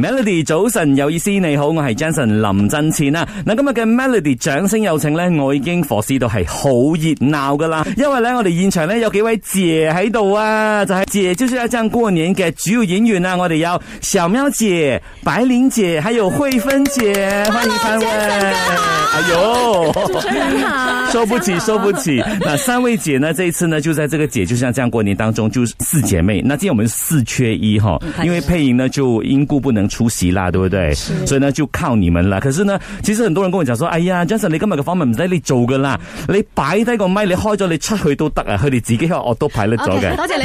Melody，早晨，有意思，你好，我係 Jensen 林振翅啊！嗱，今日嘅 Melody 掌聲有請咧，我已經火試到係好熱鬧噶啦，因為咧我哋現場咧有幾位姐喺度啊，就係、是、姐就是要醬過年嘅主要演員啊，我哋有小喵姐、白琳姐，還有匯雰姐，歡迎三位。Hello, Johnson, 哎呦，真好，受不起，受不，不起。那三位姐呢？這一次呢，就在這個姐，就像這樣過年當中，就四姐妹。嗯、那今天我們四缺一哈，實因為佩瑩呢就因故不能出席啦，對不對？是所以呢，就靠你們了。可是呢，其實很多人跟我講說，哎呀，Jason，你根本個方面唔使你做㗎啦，你擺低個麥，你開咗你出去都得啊，佢哋自己我都排得咗嘅。多謝你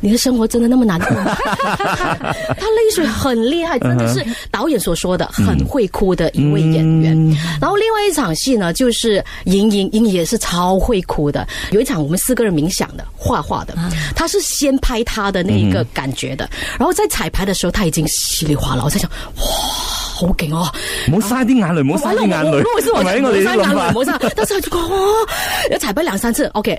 你的生活真的那麼難？他淚水很厲害，真的是導演所說的很會哭的一位演員。然後另外一場戲呢，就是瑩瑩瑩也是超會哭的。有一場我們四個人冥想的、畫畫的，他是先拍他的那一個感覺的。然後在彩排的時候他已經稀里嘩啦，我在想，哇，好勁哦！唔好嘥啲眼淚，唔好嘥啲眼淚，唔好嘥，唔好嘥，唔好嘥，但是等陣就講，要彩排兩三次，OK。